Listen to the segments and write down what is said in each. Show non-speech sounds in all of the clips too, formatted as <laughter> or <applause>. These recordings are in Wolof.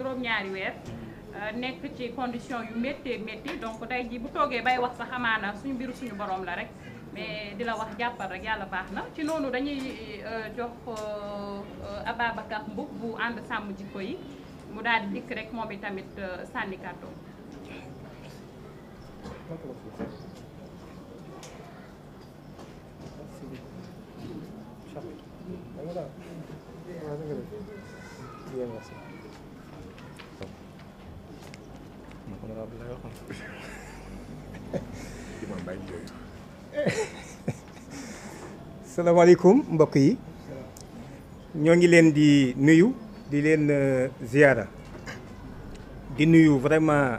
juróom-ñaari weer euh, nekk ci condition yu méttee métti donc tey ji bu toogee bay wax sa xamaana suñu mbiru suñu boroom la rek mais di la wax jàppal rek yàlla baax na ci noonu dañuy euh, jox euh, Ababacar Mboup bu ànd sàmm jikko yi mu daal di dikk rek moom i tamit sànni kàddu honorable la waxoon salaamaaleykum mbokk yi ñoo ngi leen di nuyu di leen euh, ziyaara di nuyu vraiment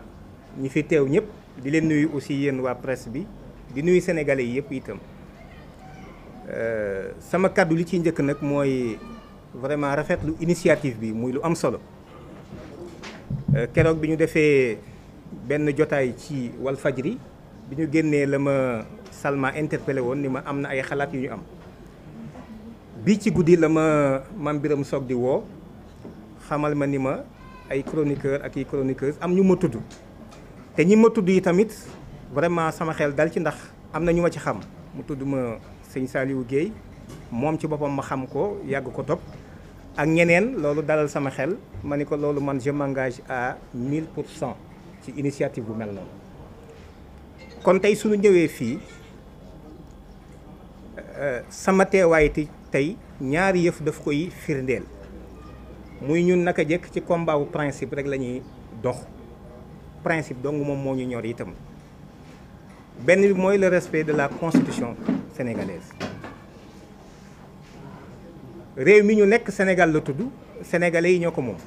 ñi fi teew ñëpp di leen nuyu aussi yéen waa presse bi di nuyu sénégalais yi yëpp itam euh, sama kàddu li ci njëkk nag mooy vraiment rafetlu initiative bi muy lu am solo euh, keroog bi ñu defee benn jotaay ci wal Walfajri bi ñu génnee la ma Salma interpellé woon ni ma am na ay xalaat yu ñu am bii ci guddi la ma man Biram Soog di woo xamal ma ni ma ay chroniqueur ak i chroniqueuse am ñu ma tudd te ñi ma tudd yi tamit vraiment sama xel dal ci ndax am na ñu ma ci xam mu tudd ma sëñ Saliou Guèye moom ci boppam ma xam ko yàgg ko topp ak ñeneen loolu dalal sama xel ma ni ko loolu man je mangage a 1000 pour cent ci initiative bu mel noonu kon tey suñu ñëwee fii euh, sama teewaay ti tey ñaari yëf daf koy firndeel muy ñun naka jekk ci combat wu principe rek lañuy dox principe donc moom moo ñu ñor itam benn bi mooy le respect de la constitution sénégalaise réew mi ñu nekk Sénégal la tudd sénégalais yi ñoo ko moom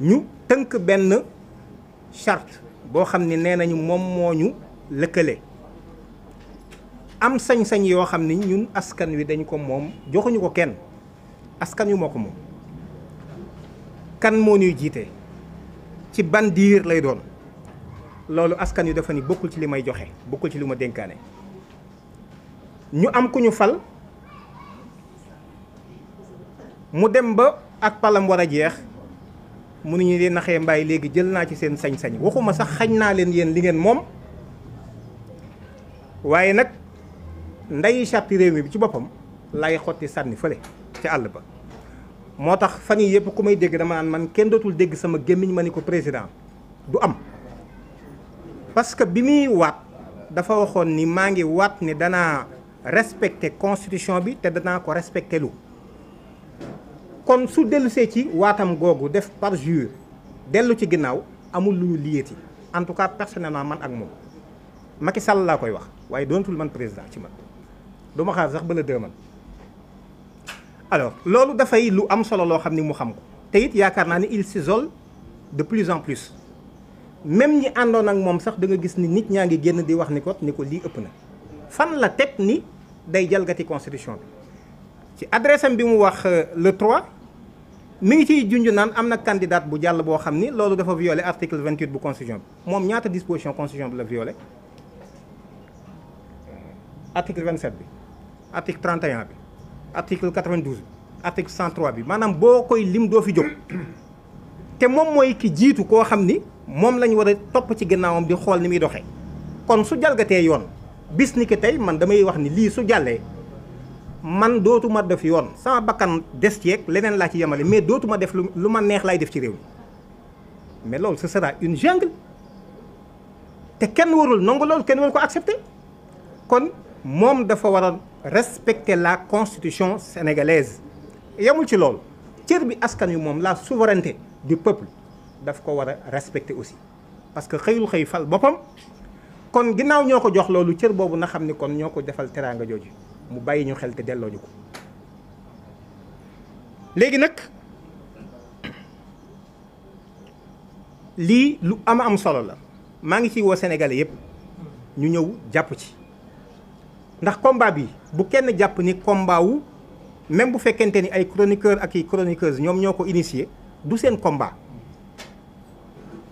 ñu tënk benn charte boo xam ne nee nañu moom moo ñu lëkkale am sañ-sañ yoo xam ne ñun askan wi dañu ko moom joxuñu ko kenn askan wi moo ko moom kan moo ñuy jiite ci ban diir lay doon loolu askan wi dafa ni bokkul ci li may joxe bokkul ci li ma dénkaane ñu am kuñu fal mu dem ba ak palam war a jeex mënuñu leen naxee mbaay léegi jël naa ci seen sañ-sañ waxuma sax xañ naa leen yéen li ngeen moom waaye nag nday charte réew mi bi ci boppam lay xotti sànni fële ci àll ba moo tax fan yi yëpp ku may dégg dama naan man kenn dootul dégg sama gémmiñ ma ni ko président du am parce que bi muy waat dafa waxoon ni maa ngi waat ne danaa respecter constitution bi te danaa ko respecter lu kon su dellusee ci waatam googu def par jur dellu ci ginnaaw amul lu ñu liyeeti en tout cas naa man ak moom Macky Sall laa koy wax waaye doontul man président ci man du ma xaar sax ba la deux man alors loolu dafay lu am solo loo xam ni mu xam ko te yaakaar naa ni il s'isole de plus en plus même ñi àndoon ak moom sax da nga gis ni nit ñaa ngi génn di wax ni ko ni ko lii ëpp na fan la teg ni day jalgati constitution bi ci adresse am bi mu wax euh, le 3. mi ngi ciy junj naan am na candidat bu jàll boo xam ni loolu dafa violé article 28 bu constitution bi moom ñaata disposition constitution bi la violé article bi article 31 bi article 92 bi article 103 bi maanaam boo koy lim doo fi jóg <coughs> te moom mooy ki jiitu koo xam ni moom lañ war a topp ci gannaawam di xool ni muy doxee kon su jalgatee yoon bis ni ki tey man damay wax ni lii su jàllee man dootuma def yoon sama bakkan des yeeg leneen laa ci yemale mais dootuma def lu ma neex lay def ci réew mi mais loolu ce sera une jungle te kenn warul nangu loolu kenn warul ko accepter kon moom dafa war a respecter la constitution sénégalaise yemul ci loolu cër bi askan wi moom la souveraineté du peuple daf ko war a respecter aussi parce que xëyul xëy fal boppam kon ginnaaw ñoo ko jox loolu cër boobu na xam ni kon ñoo ko defal teraanga jooju mu bàyyi ñu xel te delloo ko léegi nag lii lu am am solo la maa ngi ciy woo senegale yépp ñu ñëw jàpp ci ndax combat bi bu kenn jàpp ni combat wu même bu fekkente ni ay chroniqueurs ak i chroniqueuses ñoom ñoo ko initié du seen combat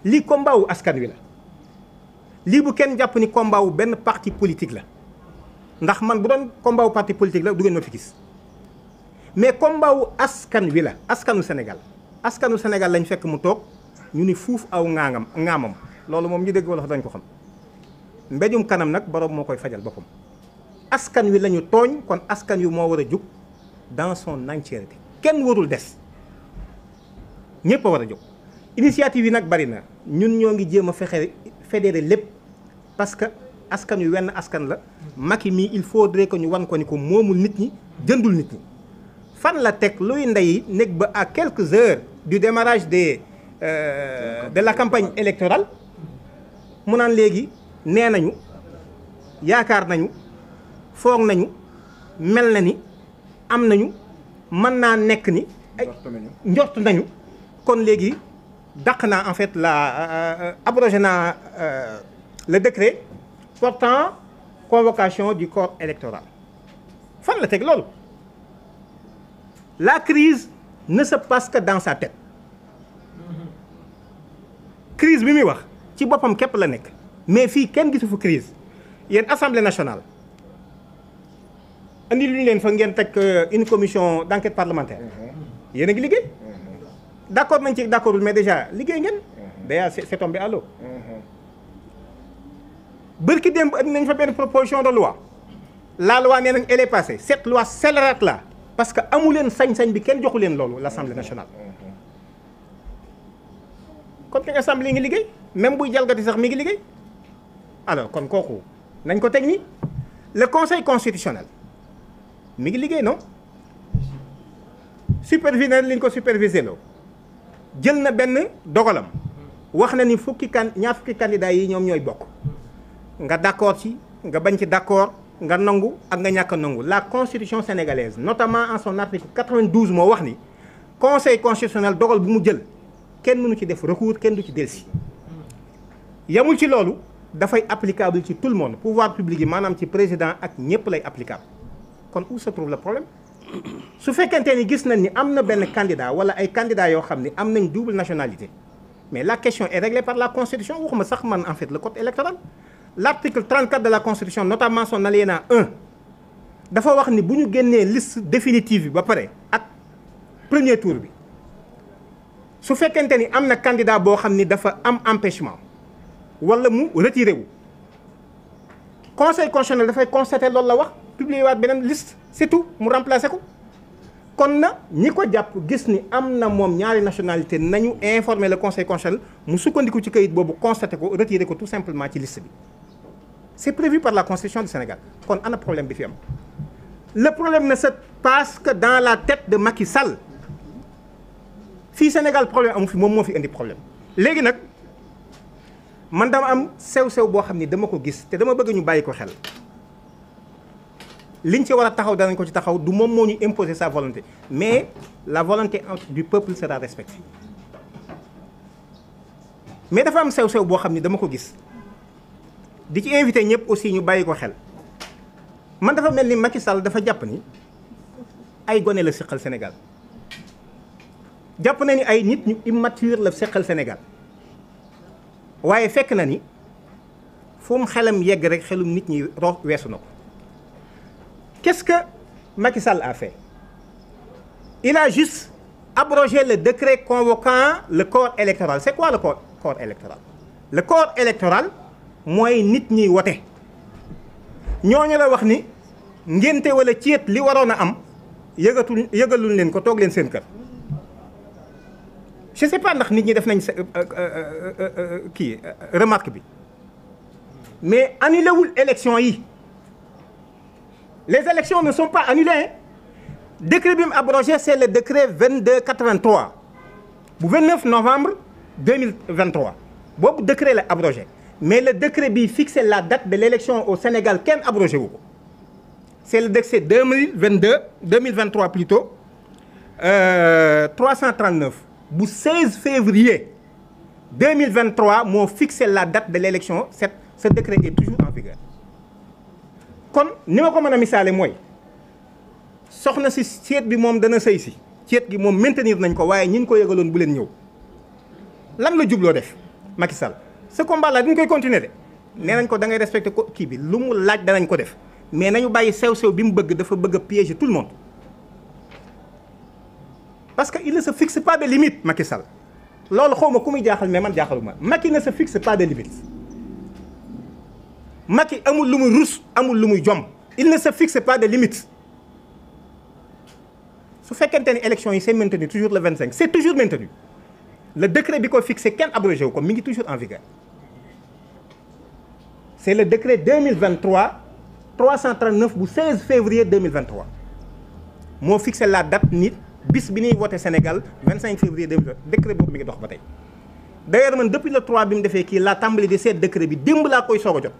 lii combat wu askan wi la lii bu kenn jàpp ni combat wu benn parti politique la. ndax man bu doon combat wu parti politique la du ngeen ma fi gis mais combat wu askan wi la askanu Sénégal askanu Sénégal lañ fekk mu toog ñu ni fuuf aw ŋaangam ŋaamam loolu moom ñu dégg wala dañ ko xam mbéjum kanam nag borom moo koy fajal boppam askan wi lañu tooñ kon askan wi moo war a jóg dans son entièreté kenn warul des ñëpp a war a jóg initiative yi nag bari na ñun ñoo ngi jéem a fexe fédéré lépp parce que askan yu wenn askan la Macky mii il faut faudrait que ñu wan ko ni ko moomul nit ñi jëndul nit ñi fan la teg luy ndey nekk ba ak quelques heures du démarrage des euh, de la campagne électorale mu naan léegi nee nañu yaakaar nañu foog nañu mel na ni am nañu mën naa nekk ni ay njort nañu kon léegi daq naa en fait la euh, euh, abrogé naa euh, le décret sortant convocation du corps électoral fan la teg loolu la crise ne se passe que dans sa tête crise bi muy wax ci boppam képp la nekk mais fii kenn gisu fu crise yéen assemblée nationale andi lu leen fa ngeen teg euh, une commission d'enquête parlementaire mhm. yéen a ngi liggéey mhm. d'accord nañ ci d'accordul mais déjà liggéey ngeen mhm. déjà c'est tombé à l'eau bërki démb indi nañ fa benn proposition de loi la loi nee nañ elle est passée cette loi scélérate là parce que sañ bi kenn joxu leen loolu l' assemblée nationale. kon ki assemblée ngi liggéey même buy jalgati sax mi ngi liggéey alors kon kooku nañ ko teg nii le conseil constitutionnel mi ngi liggéey non superviseur li ñu ko supervisé loo jël na benn dogalam wax na ni fukki kan ñaar fukki candidats yi ñoom ñooy bokk. nga d'accord ci nga bañ ci d'accord nga nangu ak nga ñàkk nangu la constitution sénégalaise notamment en son article 92 moo wax ni conseil constitutionnel dogal bu mu jël kenn mënu ci def recours kenn du ci delsi yamul ci loolu dafay applicable ci tout le monde pouvoir public yi maanaam ci président ak ñëpp lay applicable kon où se trouve le problème su fekkente ni gis nañ ni am na benn candidat wala ay candidats yoo xam ni am nañ double nationalité mais la question est réglée par la sax man en fait le code l'article 34 de la constitution notamment son alinéa 1 dafa wax ni bu ñu génnee liste définitive bi ba pare ak premier tour bi su fekkente ni am na candidat boo xam ni dafa am empêchement wala mu retiré wu conseil constitutionnel dafay constater loolu la wax publier waat beneen list c'est tout mu remplacer ko kon na ñi ko jàpp gis ni am na moom ñaari nationalité nañu informer la conseil constitutionnel mu sukkandiku ci kayit boobu constater ko retirer ko tout simplement ci liste c'est prévu par la constitution du Sénégal kon ana problème bi fi am le problème na se passe que dans la tête de Macky Sall fii Sénégal problème amu fi moom moo fi indi problème léegi nag man dama am sew-sew boo xam ni dama ko gis te dama bëgg ñu bàyyi ko xel li ñu ci war a taxaw danañ ko ci taxaw du moom moo ñu imposer sa volonté mais la volonté du peuple sera respectée mais dafa am sew-sew boo xam ni dama ko gis di ci invité ñëpp aussi ñu bàyyi ko xel man dafa mel ni Macky Sall dafa jàpp ni ay gone la seqal Sénégal jàpp na ni ay nit ñu immature la seqal Sénégal waaye fekk na ni fu mu xelam yegg rek xelum nit ñi ro weesu na ko qu'est-ce que Macky Sall a fait il a juste abrogé le décret convoquant le corps électoral c'est quoi le corps corps électoral corps électoral mooy nit ñiy wote ñooñu la wax ni ngénte wala ceet li waroon a am yëgatul yëgalul leen ko toog leen seen kër je sais pas ndax nit ñi def nañ euh, euh, euh, kii remarque bi mais annulé wul élection yi les élections ne sont pas annulées décret bi mu abrogé c' est le décret 22 83 bu 29 novembre 2023 boobu décret la abrogé mais la décret bi fixe la date de l'élection au Sénégal kenn abrogé wu ko c'est le décret 2022 2023 plutôt euh, 339 bu 16 février 2023 moo fixé la dat de l'élection cette ce décret est toujours en vigueur kon ni ma ko mën a misaale mooy soxna si ceet bi moom dana sëy si ceet gi moom maintenir nañ ko waaye ñi ñu ko yëgaloon bu leen ñëw lan la jubloo def Macky ce combat là dañ koy continuer de nee nañ ko da ngay respecté ko kii bi lu mu laaj danañ ko def mais nañu bàyyi sew-sew bi mu bëgg dafa bëgg a piéger tout le monde parce que il ne se fixe pas de limite Macky sal loolu xaw ma ku muy jaaxal mais man jaaxaluma Macky ne se fixe pas de limite Macky amul lu mu rus amul lu muy jom il ne sa fixe pas de limite su fekkente ni élection yi c'est maintenu toujours le 25 c'est toujours maintenu le décret bi ko fixé kenn abrogé wu ngi toujours en vigueur c'est le décret 2023 339 bu 16 février 2023 moo fixe la date nit bis bi ñuy voté Sénégal 25 février 2023 décret boobu mi ngi dox ba tey d'ailleurs man depuis le 3 bi mu defee kii laa tàmbali di seet décret bi démb laa koy soog a jot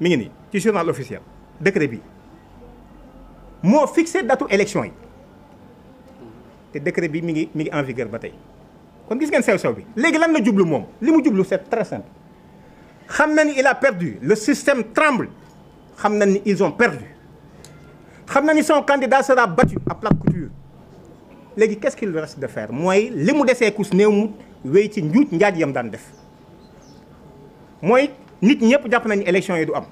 mi ngi nii ci journal officiel décret bi moo fixé datu élection yi te décret bi mi ngi mi ngi en vigueur ba tey kon gis ngeen sew sew bi léegi lan la jublu moom li mu jublu c'est très simple xam na ni il a perdu le système tremble xam na ni ils ont perdu xam na ni son candidat a battu à plate couture léegi qu'est-ce qu'il reste de faire mooy li mu desee kus néew mu wéy ci njuuj njaaj yam daan def mooy nit ñëpp jàpp nañu élection yi du am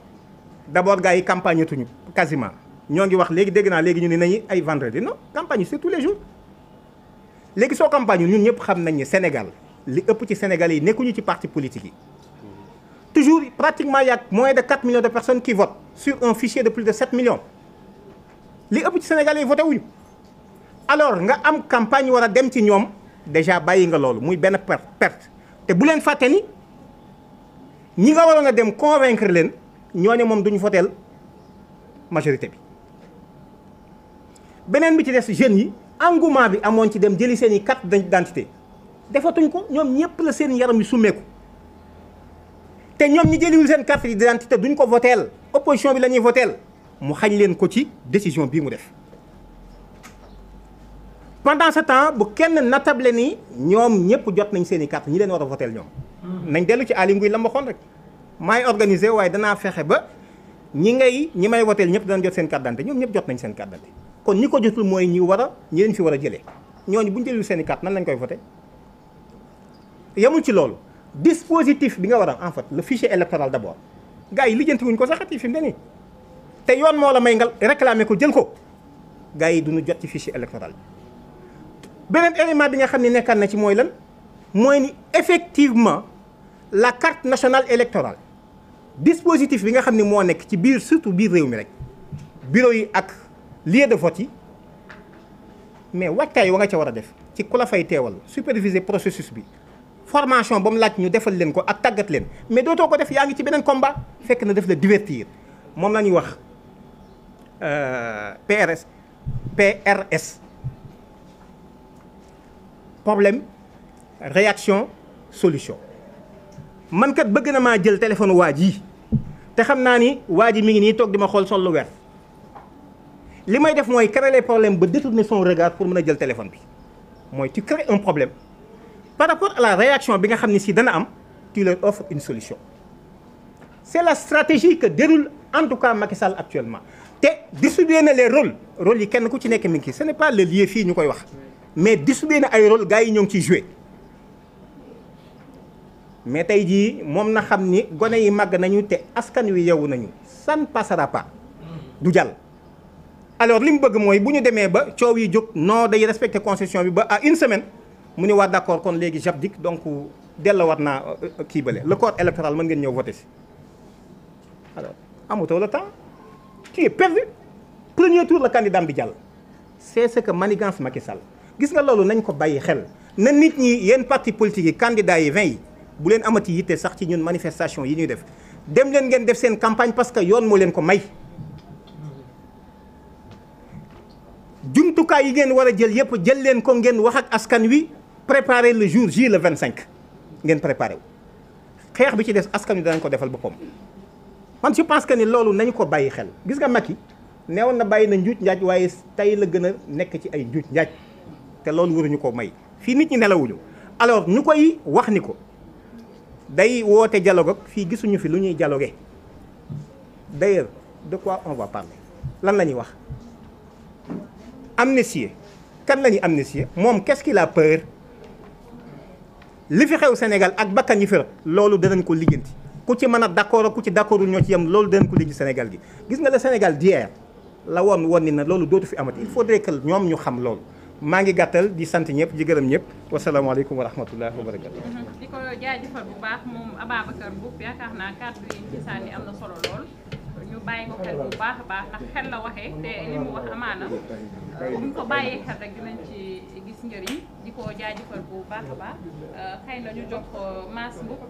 d'abord gars yi campagne tuñu quasiment ñoo ngi wax léegi dégg naa léegi ñu ne nañu ay vendredi non campagne c'est tous les jours léegi soo campagne ñun ñëpp xam nañ ni Sénégal li ëpp ci Sénégal yi nekkuñu ci parti politique yi toujours pratiquement il y moins de 4 millions de personnes qui votent sur un fichier de plus de 7 millions li ëpp ci sénégalais yi voté wuñu alors nga am campagne war a dem ci ñoom déjà bàyyi nga loolu muy benn perte te bu leen fàtte ni ñi nga waroon a dem convaincre leen ñoo ne moom duñu voteel majorité bi beneen bi ci des jeunes yi engouement bi amoon ci dem jëli seen i carte d'identité defatuñ ko ñoom ñëpp la seen yaram yu summeeku te ñoom ñi jëliwul seen carte d'identité duñ ko voteel opposition bi la voteel mu xañ leen ko ci décision bii mu def pendant ce temps bu kenn natable ni ñoom ñëpp jot nañ seen i carte ñi leen war a voteel ñoom hmm. nañ dellu ci Aly Ngouille la ma waxoon rek maay organisé waaye danaa fexe ba ñi ngay ñi may voteel ñëpp danañ jot seen carte d'identité ñoom ñëpp jot nañ seen carte d'identité kon ñi ko jotul mooy ñi war a ñi leen fi war a jëlee ñooñu bu ñu jëlul seen i carte nan lañ koy voté yemul ci loolu dispositif bi nga war a en fait le fichier électoral d' abord yi lijjanti wuñ ko saxati fi mu ne nii te yoon moo la may nga réclamer ko jël ko gars yi duñu jot ci fichier électoral bi. beneen élément bi nga xam ne nekkaan na ci mooy lan mooy ni effectivement la carte nationale électorale dispositif bi nga xam ne moo nekk ci biir surtout biir réew mi rek bureau yi ak lieu de vote yi mais wàccaay wa nga ca war a def ci ku la fay teewal superviser processus bi. formation ba mu laaj ñu defal leen ko ak tàggat leen mais dootoo ko def yaa ngi ci beneen combat fekk na def la divertir moom la ñuy wax euh, PRS PRS problème réaction solution man kat bëgg na maa jël téléphone waa ji te xam naa ni waa ji mi ngi nii toog di ma xool sol lu weer li may def mooy créer problème ba détourner son regard pour mën a jël téléphone bi mooy tu crées un problème par rapport à la réaction bi nga xam ne si dana am tu leur offres une solution c'est la stratégie que déroule en tout cas Macky actuellement te distribuer na les rôles rôles yi kenn ku ci nekk mi ngi ci ce n'est pas le lieu fii ñu koy wax mais distribuer na ay rôles gars yi ñoo ngi ciy joué mais tey jii moom na xam ni gone yi màgg nañu te askan wi yow nañu san ne passera pas du jàll alors li mu bëgg mooy bu ñu demee ba coow yi jóg noo day respecter constitution bi ba à une semaine mu ne waa d'accord kon léegi j'abdique donc delluwaat naa euh, euh, kii bële le corps électoral mën ngeen ñëw voter si alors amatoo le temps tu es perdu premier tour la candidat bi jàll c'est ce que manigance Macky Sall gis nga loolu nañ ko bàyyi xel na nit ñi yenn parti politique yi candidats yi 20 yi bu leen amati yitte sax ci ñun manifestation yi ñuy def dem leen ngeen def seen campagne parce que yoon moo leen ko may jumtukaay yi ngeen war jël yépp jël leen ko ngeen wax ak askan wi préparer le jour J le cinq ngeen préparé wu xeex bi ci des askan wi danañ ko defal boppam man je pense que ni loolu nañu ko bàyyi xel gis nga Macky neewoon na bàyyi na njuuj njaaj waaye tey la gën a nekk ci ay njuuj njaaj te loolu waruñu ko may fii nit ñi nelawuñu alors ñu koy wax ni ko day woote dialogue fii gisuñu fi lu ñuy dialoguer d'ailleurs de quoi on va parler lan la ñuy wax amnistier kan la ñuy amnistier moom quest ki qu'il a li fi xew senegal ak bakkan yi fi loolu danañ ko lijjanti ku ci mën a d'accord ku ci d'accordul ñoo ci yem loolu danañ ko lijjanti Sénégal gi gis nga senegal Sénégal d'hier la woon woon ni na loolu dootu fi amati il faudrait que ñoom ñu xam loolu maa ngi gàttal di sant ñëpp di gërëm ñëpp wasalaamaaleykum wa rahmatullah wa mhm. yi am na solo lool ñu bàyyi ko xel bu baax a baax ndax xel la waxee te li mu wax amaana bu ñu ko bàyyee xel rek dinañ ci gis njëriñ di ko jaajëfal bu baax ba baax euh, xëy na ñu jox Mass Mboup